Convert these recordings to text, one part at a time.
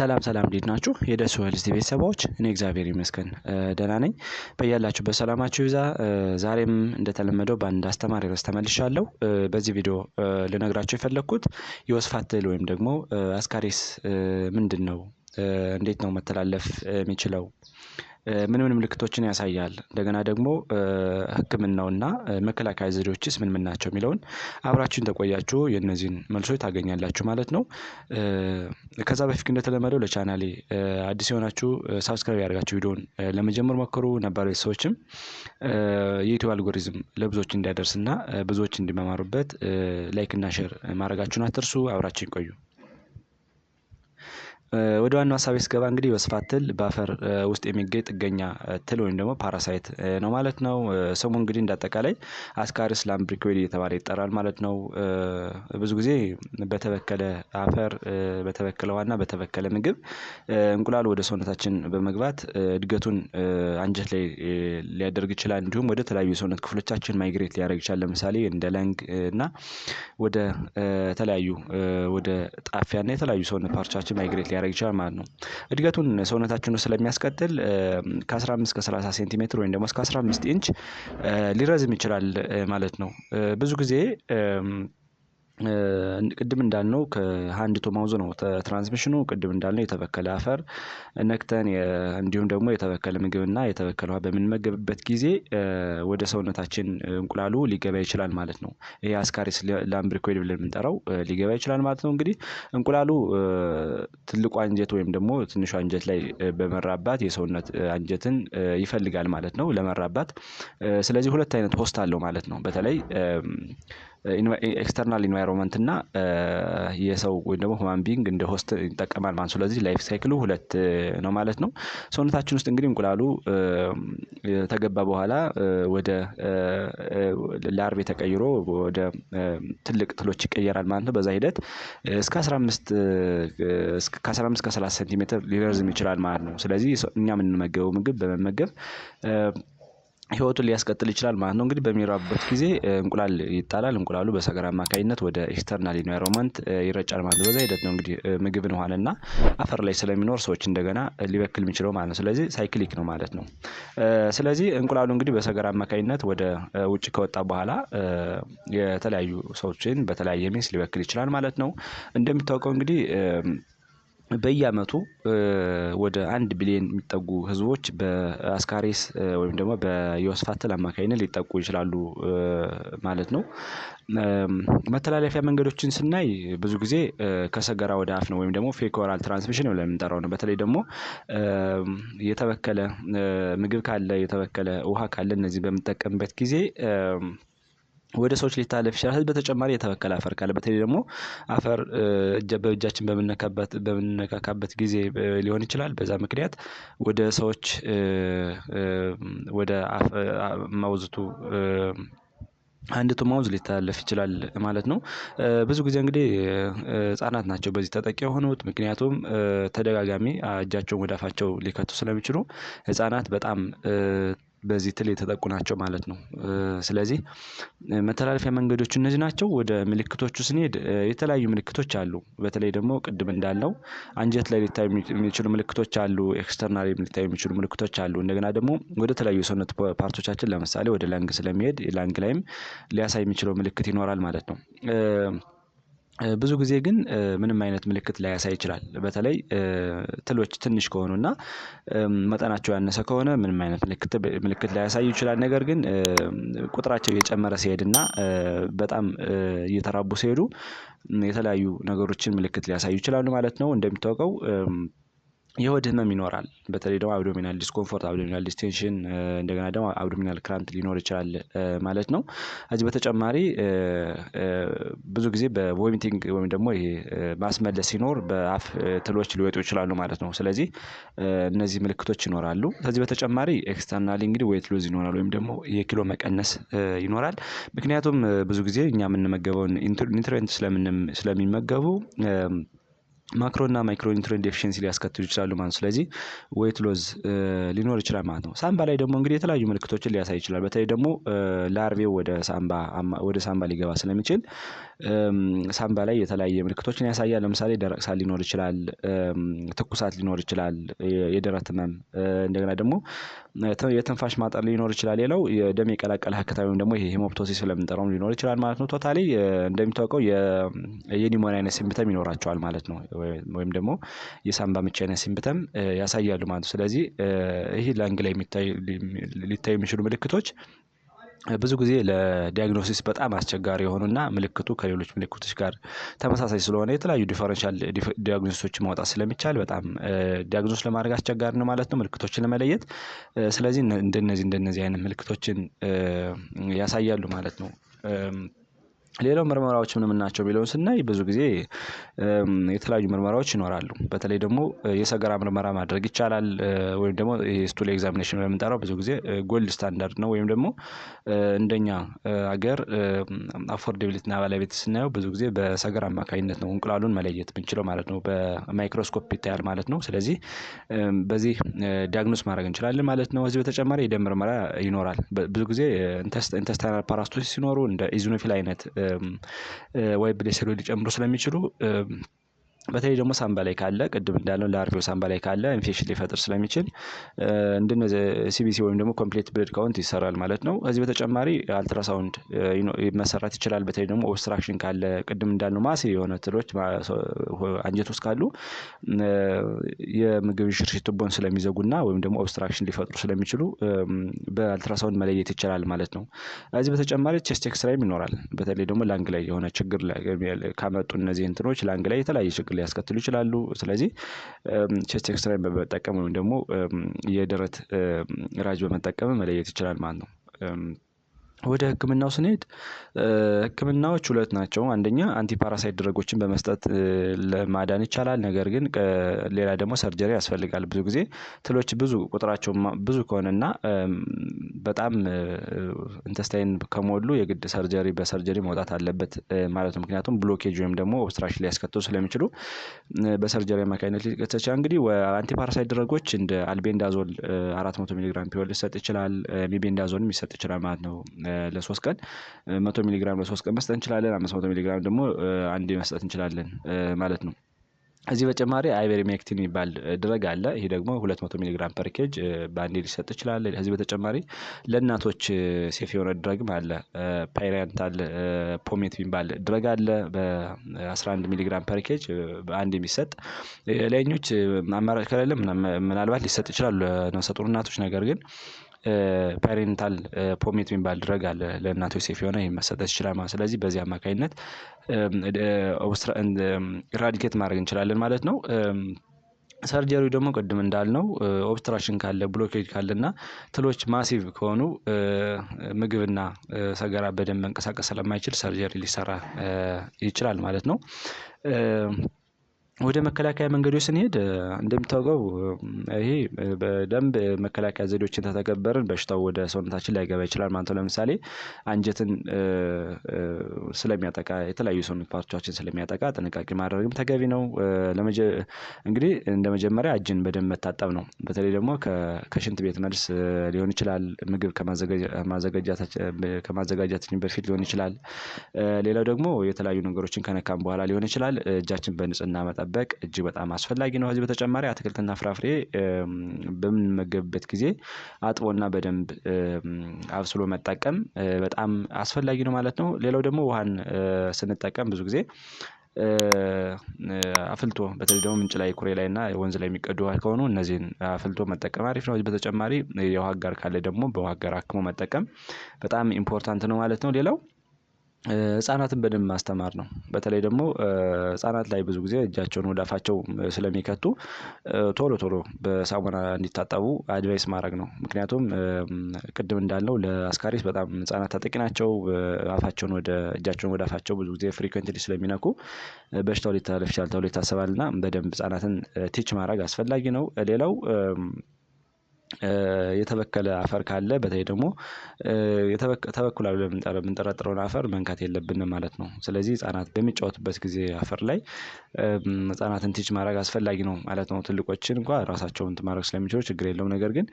ሰላም ሰላም እንዴት ናችሁ? የደሱ ህልስቲ ቤተሰባዎች እኔ እግዚአብሔር ይመስገን ደህና ነኝ። በያላችሁ በሰላማችሁ ይዛ ዛሬም እንደተለመደው በአንድ አስተማሪ ርዕስ ተመልሻለሁ። በዚህ ቪዲዮ ልነግራችሁ የፈለግኩት የወስፋት ትል ወይም ደግሞ አስካሪስ ምንድን ነው፣ እንዴት ነው መተላለፍ የሚችለው ምን ምን ምልክቶችን ያሳያል? እንደገና ደግሞ ህክምናውና መከላከያ ዘዴዎችስ ምን ምን ናቸው? የሚለውን አብራችሁን ተቆያችሁ የእነዚህን መልሶች ታገኛላችሁ ማለት ነው። ከዛ በፊት እንደተለመደው ለቻናሌ አዲስ የሆናችሁ ሳብስክራይብ ያደርጋችሁ ቪዲዮን ለመጀመር ሞክሩ። ነባር ሰዎችም የዩቲዩብ አልጎሪዝም ለብዙዎች እንዲያደርስና ብዙዎች እንዲመማሩበት ላይክ እና ሼር ማድረጋችሁን አትርሱ። አብራችን ቆዩ። ወደ ዋናው ሀሳቤ ስገባ እንግዲህ በስፋት ትል በአፈር ውስጥ የሚገኝ ጥገኛ ትል ወይም ደግሞ ፓራሳይት ነው ማለት ነው። ስሙ እንግዲህ እንዳጠቃላይ አስካሪስ ላምብሪኮይድ እየተባለ ይጠራል ማለት ነው። ብዙ ጊዜ በተበከለ አፈር፣ በተበከለ ዋና፣ በተበከለ ምግብ እንቁላል ወደ ሰውነታችን በመግባት እድገቱን አንጀት ላይ ሊያደርግ ይችላል። እንዲሁም ወደ ተለያዩ የሰውነት ክፍሎቻችን ማይግሬት ሊያደርግ ይችላል። ለምሳሌ እንደ ለንግ እና ወደ ተለያዩ ወደ ጣፊያ እና የተለያዩ ሰውነት ፓርቻችን ማይግሬት ሊያደርግ ሊያደርግ ይችላል ማለት ነው። እድገቱን ሰውነታችን ውስጥ ስለሚያስቀጥል ከ15 እስከ 30 ሴንቲሜትር ወይም ደግሞ እስከ 15 ኢንች ሊረዝም ይችላል ማለት ነው። ብዙ ጊዜ ቅድም እንዳልነው ከሃንድ ቱ ማውዝ ነው ትራንስሚሽኑ። ቅድም እንዳልነው የተበከለ አፈር ነክተን እንዲሁም ደግሞ የተበከለ ምግብና የተበከለ ውሃ በምንመገብበት ጊዜ ወደ ሰውነታችን እንቁላሉ ሊገባ ይችላል ማለት ነው። ይሄ አስካሪስ ላምብሪኮይድ ብለን የምንጠራው ሊገባ ይችላል ማለት ነው። እንግዲህ እንቁላሉ ትልቁ አንጀት ወይም ደግሞ ትንሹ አንጀት ላይ በመራባት የሰውነት አንጀትን ይፈልጋል ማለት ነው ለመራባት። ስለዚህ ሁለት አይነት ሆስት አለው ማለት ነው በተለይ ኤክስተርናል ኢንቫይሮንመንት እና የሰው ወይም ደግሞ ሁማን ቢንግ እንደ ሆስት ይጠቀማል ማለት። ስለዚህ ላይፍ ሳይክሉ ሁለት ነው ማለት ነው። ሰውነታችን ውስጥ እንግዲህ እንቁላሉ ተገባ በኋላ ወደ ላርቤ ተቀይሮ ወደ ትልቅ ትሎች ይቀየራል ማለት ነው። በዛ ሂደት እስከ ከ15 ከ30 ሴንቲሜትር ሊረዝም ይችላል ማለት ነው። ስለዚህ እኛ የምንመገበው ምግብ በመመገብ ህይወቱን ሊያስቀጥል ይችላል ማለት ነው። እንግዲህ በሚራብበት ጊዜ እንቁላል ይጣላል። እንቁላሉ በሰገራ አማካኝነት ወደ ኤክስተርናል ኢንቫይሮንመንት ይረጫል ማለት ነው። በዛ ሂደት ነው እንግዲህ ምግብን ውሃንና አፈር ላይ ስለሚኖር ሰዎች እንደገና ሊበክል የሚችለው ማለት ነው። ስለዚህ ሳይክሊክ ነው ማለት ነው። ስለዚህ እንቁላሉ እንግዲህ በሰገራ አማካኝነት ወደ ውጭ ከወጣ በኋላ የተለያዩ ሰዎችን በተለያየ ሚንስ ሊበክል ይችላል ማለት ነው። እንደሚታወቀው እንግዲህ በየአመቱ ወደ አንድ ቢሊዮን የሚጠጉ ህዝቦች በአስካሬስ ወይም ደግሞ በየወስፋትል አማካኝነት ሊጠቁ ይችላሉ ማለት ነው። መተላለፊያ መንገዶችን ስናይ ብዙ ጊዜ ከሰገራ ወደ አፍ ነው ወይም ደግሞ ፌኮራል ትራንስሚሽን ብለን የምንጠራው ነው። በተለይ ደግሞ የተበከለ ምግብ ካለ የተበከለ ውሃ ካለ እነዚህ በምንጠቀምበት ጊዜ ወደ ሰዎች ሊታለፍ ይችላል። ህዝብ በተጨማሪ የተበከለ አፈር ካለ በተለይ ደግሞ አፈር በእጃችን በምንነካካበት ጊዜ ሊሆን ይችላል። በዛ ምክንያት ወደ ሰዎች ወደ መውዝቱ አንድቱ ማውዝ ሊተላለፍ ይችላል ማለት ነው። ብዙ ጊዜ እንግዲህ ህጻናት ናቸው በዚህ ተጠቂ የሆኑት። ምክንያቱም ተደጋጋሚ እጃቸውን ወደ አፋቸው ሊከቱ ስለሚችሉ ህጻናት በጣም በዚህ ትል የተጠቁ ናቸው ማለት ነው። ስለዚህ መተላለፊያ መንገዶች እነዚህ ናቸው። ወደ ምልክቶቹ ስንሄድ የተለያዩ ምልክቶች አሉ። በተለይ ደግሞ ቅድም እንዳለው አንጀት ላይ ሊታዩ የሚችሉ ምልክቶች አሉ። ኤክስተርናል ሊታዩ የሚችሉ ምልክቶች አሉ። እንደገና ደግሞ ወደ ተለያዩ ሰውነት ፓርቶቻችን ለምሳሌ ወደ ላንግ ስለሚሄድ ላንግ ላይም ሊያሳይ የሚችለው ምልክት ይኖራል ማለት ነው። ብዙ ጊዜ ግን ምንም አይነት ምልክት ላያሳይ ይችላል። በተለይ ትሎች ትንሽ ከሆኑ እና መጠናቸው ያነሰ ከሆነ ምንም አይነት ምልክት ምልክት ይችላል። ነገር ግን ቁጥራቸው እየጨመረ እና በጣም እየተራቡ ሲሄዱ የተለያዩ ነገሮችን ምልክት ሊያሳዩ ይችላሉ ማለት ነው። እንደሚታወቀው የሆድ ህመም ይኖራል በተለይ ደግሞ አብዶሚናል ዲስኮምፎርት አብዶሚናል ዲስቴንሽን እንደገና ደግሞ አብዶሚናል ክራንት ሊኖር ይችላል ማለት ነው። እዚህ በተጨማሪ ብዙ ጊዜ በቮሚቲንግ ወይም ደግሞ ይሄ ማስመለስ ሲኖር በአፍ ትሎች ሊወጡ ይችላሉ ማለት ነው። ስለዚህ እነዚህ ምልክቶች ይኖራሉ። ከዚህ በተጨማሪ ኤክስተርናሊ እንግዲህ ዌት ሎዝ ይኖራል ወይም ደግሞ የኪሎ መቀነስ ይኖራል። ምክንያቱም ብዙ ጊዜ እኛ የምንመገበውን ኒትሬንት ስለሚመገቡ ማክሮ እና ማይክሮ ኒውትሪን ዴፊሽንሲ ሊያስከትሉ ይችላሉ ማለት ነው። ስለዚህ ዌት ሎዝ ሊኖር ይችላል ማለት ነው። ሳምባ ላይ ደግሞ እንግዲህ የተለያዩ ምልክቶችን ሊያሳይ ይችላል። በተለይ ደግሞ ላርቬው ወደ ሳምባ ሊገባ ስለሚችል ሳምባ ላይ የተለያየ ምልክቶችን ያሳያል። ለምሳሌ ደረቅ ሳል ሊኖር ይችላል፣ ትኩሳት ሊኖር ይችላል፣ የደረት ህመም፣ እንደገና ደግሞ የትንፋሽ ማጠር ሊኖር ይችላል። ሌላው ደም የቀላቀለ ሀክታ ወይም ደግሞ ሄሞፕቶሲስ ሊኖር ይችላል ማለት ነው። ቶታሊ እንደሚታወቀው የኒሞን አይነት ሲምፕተም ይኖራቸዋል ማለት ነው። ወይም ደግሞ የሳምባ ምች አይነት ሲምፕተም ያሳያሉ ማለት ነው። ስለዚህ ይህ ለአንግ ላይ ሊታዩ የሚችሉ ምልክቶች ብዙ ጊዜ ለዲያግኖሲስ በጣም አስቸጋሪ የሆኑና ምልክቱ ከሌሎች ምልክቶች ጋር ተመሳሳይ ስለሆነ የተለያዩ ዲፈረንሻል ዲያግኖሲሶችን ማውጣት ስለሚቻል በጣም ዲያግኖስ ለማድረግ አስቸጋሪ ነው ማለት ነው፣ ምልክቶችን ለመለየት። ስለዚህ እንደነዚህ እንደነዚህ አይነት ምልክቶችን ያሳያሉ ማለት ነው። ሌላው ምርመራዎች ምን ምን ናቸው የሚለውን ስናይ ብዙ ጊዜ የተለያዩ ምርመራዎች ይኖራሉ። በተለይ ደግሞ የሰገራ ምርመራ ማድረግ ይቻላል። ወይም ደግሞ ስቱል ኤግዛሚኔሽን የምንጠራው ብዙ ጊዜ ጎልድ ስታንዳርድ ነው። ወይም ደግሞ እንደኛ አገር አፎርዴብሊቲና ባለቤት ስናየው ብዙ ጊዜ በሰገራ አማካኝነት ነው እንቁላሉን መለየት የምንችለው ማለት ነው። በማይክሮስኮፕ ይታያል ማለት ነው። ስለዚህ በዚህ ዲያግኖስ ማድረግ እንችላለን ማለት ነው። እዚህ በተጨማሪ የደም ምርመራ ይኖራል። ብዙ ጊዜ ኢንተስታይናል ፓራስቶሲስ ሲኖሩ እንደ ኢዝኖፊል አይነት ወይ ብሌሰሩ ሊጨምሩ ስለሚችሉ በተለይ ደግሞ ሳምባ ላይ ካለ ቅድም እንዳለው ለአርቢው ሳምባ ላይ ካለ ኢንፌክሽን ሊፈጥር ስለሚችል እንደነዚህ ሲቢሲ ወይም ደግሞ ኮምፕሌት ብለድ ካውንት ይሰራል ማለት ነው። ከዚህ በተጨማሪ አልትራሳውንድ መሰራት ይችላል። በተለይ ደግሞ ኦብስትራክሽን ካለ ቅድም እንዳለው ማሲ የሆነ ትሎች አንጀት ውስጥ ካሉ የምግብ ሽርሽት ቱቦን ስለሚዘጉና ወይም ደግሞ ኦብስትራክሽን ሊፈጥሩ ስለሚችሉ በአልትራሳውንድ መለየት ይችላል ማለት ነው። ከዚህ በተጨማሪ ቼስት ኤክስራይም ይኖራል። በተለይ ደግሞ ላንግ ላይ የሆነ ችግር ካመጡ እነዚህ እንትኖች ላንግ ላይ የተለያየ ችግር ሊያስከትሉ ይችላሉ። ስለዚህ ቼስት በመጠቀም ወይም ደግሞ የደረት ራጅ በመጠቀም መለየት ይችላል ማለት ነው። ወደ ህክምናው ስንሄድ ህክምናዎች ሁለት ናቸው። አንደኛ አንቲ ፓራሳይት ድረጎችን በመስጠት ለማዳን ይቻላል። ነገር ግን ሌላ ደግሞ ሰርጀሪ ያስፈልጋል። ብዙ ጊዜ ትሎች ብዙ ቁጥራቸው ብዙ ከሆነና በጣም ኢንተስታይን ከሞሉ የግድ ሰርጀሪ በሰርጀሪ መውጣት አለበት ማለት ነው። ምክንያቱም ብሎኬጅ ወይም ደግሞ ኦብስትራክሽን ሊያስከትሉ ስለሚችሉ በሰርጀሪ አማካኝነት ሊቀጥ ይችላል። እንግዲህ አንቲ ፓራሳይት ድረጎች እንደ አልቤንዳዞል አራት መቶ ሚሊግራም ፒወል ሊሰጥ ይችላል። ሚቤንዳዞንም ሊሰጥ ይችላል ማለት ነው። ለሶስት ቀን መቶ ሚሊግራም ለሶስት ቀን መስጠት እንችላለን። አምስት መቶ ሚሊግራም ደግሞ አንዴ መስጠት እንችላለን ማለት ነው። እዚህ በተጨማሪ ሜክቲን የሚባል ድረግ አለ። ይህ ደግሞ 200 ሚሊግራም ፐርኬጅ ኬጅ በአንዴ ሊሰጥ ይችላል። ከዚህ በተጨማሪ ለእናቶች ሴፍ የሆነ ድረግም አለ። ፓይሪያንታል ፖሜት የሚባል ድረግ አለ በ11 ሚሊግራም ፐርኬጅ በአንድ የሚሰጥ ላይኞች አማራጭ ከሌለ ምናልባት ሊሰጥ ይችላሉ ነፍሰ እናቶች ነገር ግን ፓሬንታል ፖሜት የሚባል ድረግ አለ ለእናቶች ሴፍ የሆነ ይህ መሰጠት ይችላል ማለት ስለዚህ በዚህ አማካኝነት ኢራዲኬት ማድረግ እንችላለን ማለት ነው። ሰርጀሪ ደግሞ ቅድም እንዳልነው ኦብስትራክሽን ካለ ብሎኬጅ ካለና ትሎች ማሲቭ ከሆኑ ምግብና ሰገራ በደንብ መንቀሳቀስ ስለማይችል ሰርጀሪ ሊሰራ ይችላል ማለት ነው። ወደ መከላከያ መንገዶች ስንሄድ እንደሚታወቀው ይሄ በደንብ መከላከያ ዘዴዎችን ተተገበርን በሽታው ወደ ሰውነታችን ላይገባ ይችላል ማለት ነው። ለምሳሌ አንጀትን ስለሚያጠቃ የተለያዩ ሰውነት ፓርቶቻችን ስለሚያጠቃ ጥንቃቄ ማድረግም ተገቢ ነው። እንግዲህ እንደ መጀመሪያ እጅን በደንብ መታጠብ ነው። በተለይ ደግሞ ከሽንት ቤት መልስ ሊሆን ይችላል። ምግብ ከማዘጋጃችን በፊት ሊሆን ይችላል። ሌላው ደግሞ የተለያዩ ነገሮችን ከነካም በኋላ ሊሆን ይችላል። እጃችን በንጽህና መጠ መጠበቅ እጅግ በጣም አስፈላጊ ነው። ከዚህ በተጨማሪ አትክልትና ፍራፍሬ በምንመገብበት ጊዜ አጥቦና በደንብ አብስሎ መጠቀም በጣም አስፈላጊ ነው ማለት ነው። ሌላው ደግሞ ውሃን ስንጠቀም ብዙ ጊዜ አፍልቶ በተለይ ደግሞ ምንጭ ላይ ኩሬ ላይ እና ወንዝ ላይ የሚቀዱ ከሆኑ እነዚህን አፍልቶ መጠቀም አሪፍ ነው። በተጨማሪ የውሃ አጋር ካለ ደግሞ በውሃ አጋር አክሞ መጠቀም በጣም ኢምፖርታንት ነው ማለት ነው። ሌላው ህፃናትን በደንብ ማስተማር ነው። በተለይ ደግሞ ህጻናት ላይ ብዙ ጊዜ እጃቸውን ወደ አፋቸው ስለሚከቱ ቶሎ ቶሎ በሳሙና እንዲታጠቡ አድቫይስ ማድረግ ነው። ምክንያቱም ቅድም እንዳለው ለአስካሪስ በጣም ህፃናት ተጠቂ ናቸው። አፋቸውን ወደ እጃቸውን ወደ አፋቸው ብዙ ጊዜ ፍሪኩዌንትሊ ስለሚነኩ በሽታው ሊተላለፍ ይችላል ተብሎ ይታሰባል እና በደንብ ህፃናትን ቲች ማድረግ አስፈላጊ ነው። ሌላው የተበከለ አፈር ካለ በተለይ ደግሞ ተበክሏል ብለን የምንጠረጥረውን አፈር መንካት የለብንም ማለት ነው። ስለዚህ ህፃናት በሚጫወቱበት ጊዜ አፈር ላይ ህጻናትን ቲች ማድረግ አስፈላጊ ነው ማለት ነው። ትልቆችን እንኳ ራሳቸውን ማድረግ ስለሚችሉ ችግር የለውም። ነገር ግን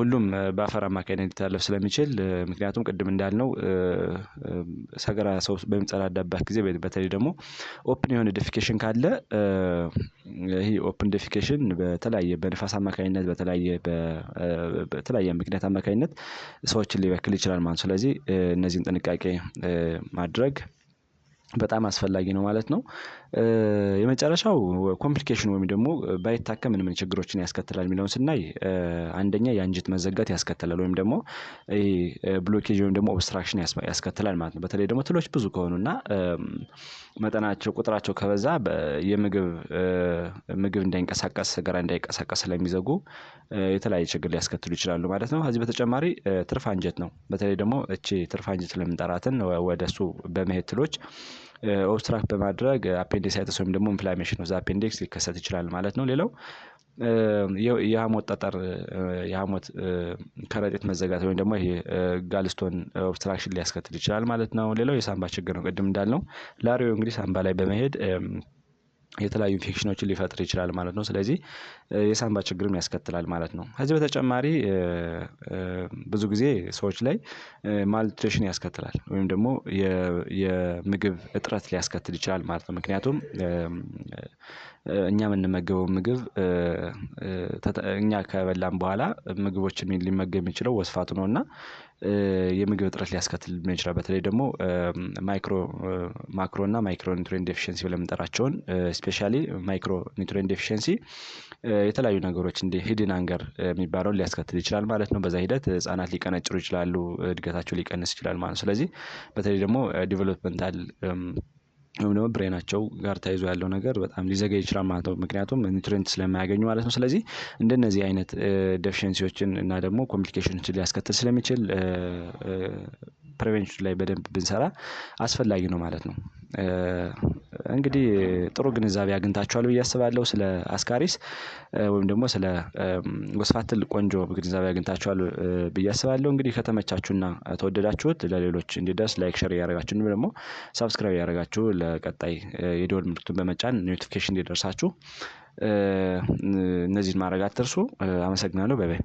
ሁሉም በአፈር አማካኝነት ሊታለፍ ስለሚችል ምክንያቱም ቅድም እንዳልነው ሰገራ ሰው በሚጸዳዳበት ጊዜ በተለይ ደግሞ ኦፕን የሆነ ዲፊኬሽን ካለ ይህ ኦፕን ዲፊኬሽን በተለያየ በንፋስ አማካኝነት በተለያየ በ በተለያየ ምክንያት አማካኝነት ሰዎችን ሊበክል ይችላል ማለት ስለዚህ እነዚህን ጥንቃቄ ማድረግ በጣም አስፈላጊ ነው ማለት ነው። የመጨረሻው ኮምፕሊኬሽን ወይም ደግሞ ባይታከም ምን ምን ችግሮችን ያስከትላል የሚለውን ስናይ አንደኛ የአንጀት መዘጋት ያስከትላል ወይም ደግሞ ብሎኬጅ ወይም ደግሞ ኦብስትራክሽን ያስከትላል ማለት ነው። በተለይ ደግሞ ትሎች ብዙ ከሆኑና መጠናቸው ቁጥራቸው ከበዛ የምግብ ምግብ እንዳይንቀሳቀስ ገራ እንዳይንቀሳቀስ ስለሚዘጉ የተለያየ ችግር ሊያስከትሉ ይችላሉ ማለት ነው። ከዚህ በተጨማሪ ትርፍ አንጀት ነው። በተለይ ደግሞ እቺ ትርፍ አንጀት ለምንጠራትን ወደሱ በመሄድ ትሎች ኦብስትራክት በማድረግ አፔንዲክሳይተስ ወይም ደግሞ ኢንፍላሜሽን ኦፍ አፔንዲክስ ሊከሰት ይችላል ማለት ነው። ሌላው የሐሞት ጠጠር የሐሞት ከረጢት መዘጋት ወይም ደግሞ ይሄ ጋልስቶን ኦብስትራክሽን ሊያስከትል ይችላል ማለት ነው። ሌላው የሳምባ ችግር ነው። ቅድም እንዳልነው ላሪዮ እንግዲህ ሳምባ ላይ በመሄድ የተለያዩ ኢንፌክሽኖችን ሊፈጥር ይችላል ማለት ነው። ስለዚህ የሳንባ ችግርም ያስከትላል ማለት ነው። ከዚህ በተጨማሪ ብዙ ጊዜ ሰዎች ላይ ማልትሬሽን ያስከትላል ወይም ደግሞ የምግብ እጥረት ሊያስከትል ይችላል ማለት ነው። ምክንያቱም እኛ የምንመገበው ምግብ እኛ ከበላን በኋላ ምግቦችን ሊመገብ የሚችለው ወስፋቱ ነው እና የምግብ እጥረት ሊያስከትል ይችላል። በተለይ ደግሞ ማይክሮ ማክሮ እና ማይክሮ ኒትሮን ዴፊሽንሲ ብለምንጠራቸውን ስፔሻሊ ማይክሮ ኒውትሪኤንት የተለያዩ ነገሮች እንደ ሂድን አንገር የሚባለውን ሊያስከትል ይችላል ማለት ነው። በዛ ሂደት ህጻናት ሊቀነጭሩ ይችላሉ እድገታቸው ሊቀንስ ይችላል ማለት ነው። ስለዚህ በተለይ ደግሞ ዲቨሎፕመንታል ወይም ደግሞ ብሬናቸው ጋር ተያይዞ ያለው ነገር በጣም ሊዘገይ ይችላል ማለት ነው። ምክንያቱም ኒትሪንት ስለማያገኙ ማለት ነው። ስለዚህ እንደነዚህ አይነት ደፊሽንሲዎችን እና ደግሞ ኮምፕሊኬሽኖችን ሊያስከትል ስለሚችል ፕሬቬንሽን ላይ በደንብ ብንሰራ አስፈላጊ ነው ማለት ነው። እንግዲህ ጥሩ ግንዛቤ አግኝታችኋል ብዬ አስባለሁ። ስለ አስካሪስ ወይም ደግሞ ስለ ወስፋት ትልቅ ቆንጆ ግንዛቤ አግኝታችኋል ብዬ አስባለሁ። እንግዲህ ከተመቻችሁና ተወደዳችሁት ለሌሎች እንዲደርስ ላይክ፣ ሸር እያደረጋችሁ እንዲሁም ደግሞ ሳብስክራይብ እያደረጋችሁ ለቀጣይ የደወል ምልክቱን በመጫን ኖቲፊኬሽን እንዲደርሳችሁ እነዚህን ማድረግ አትርሱ። አመሰግናለሁ። በበይ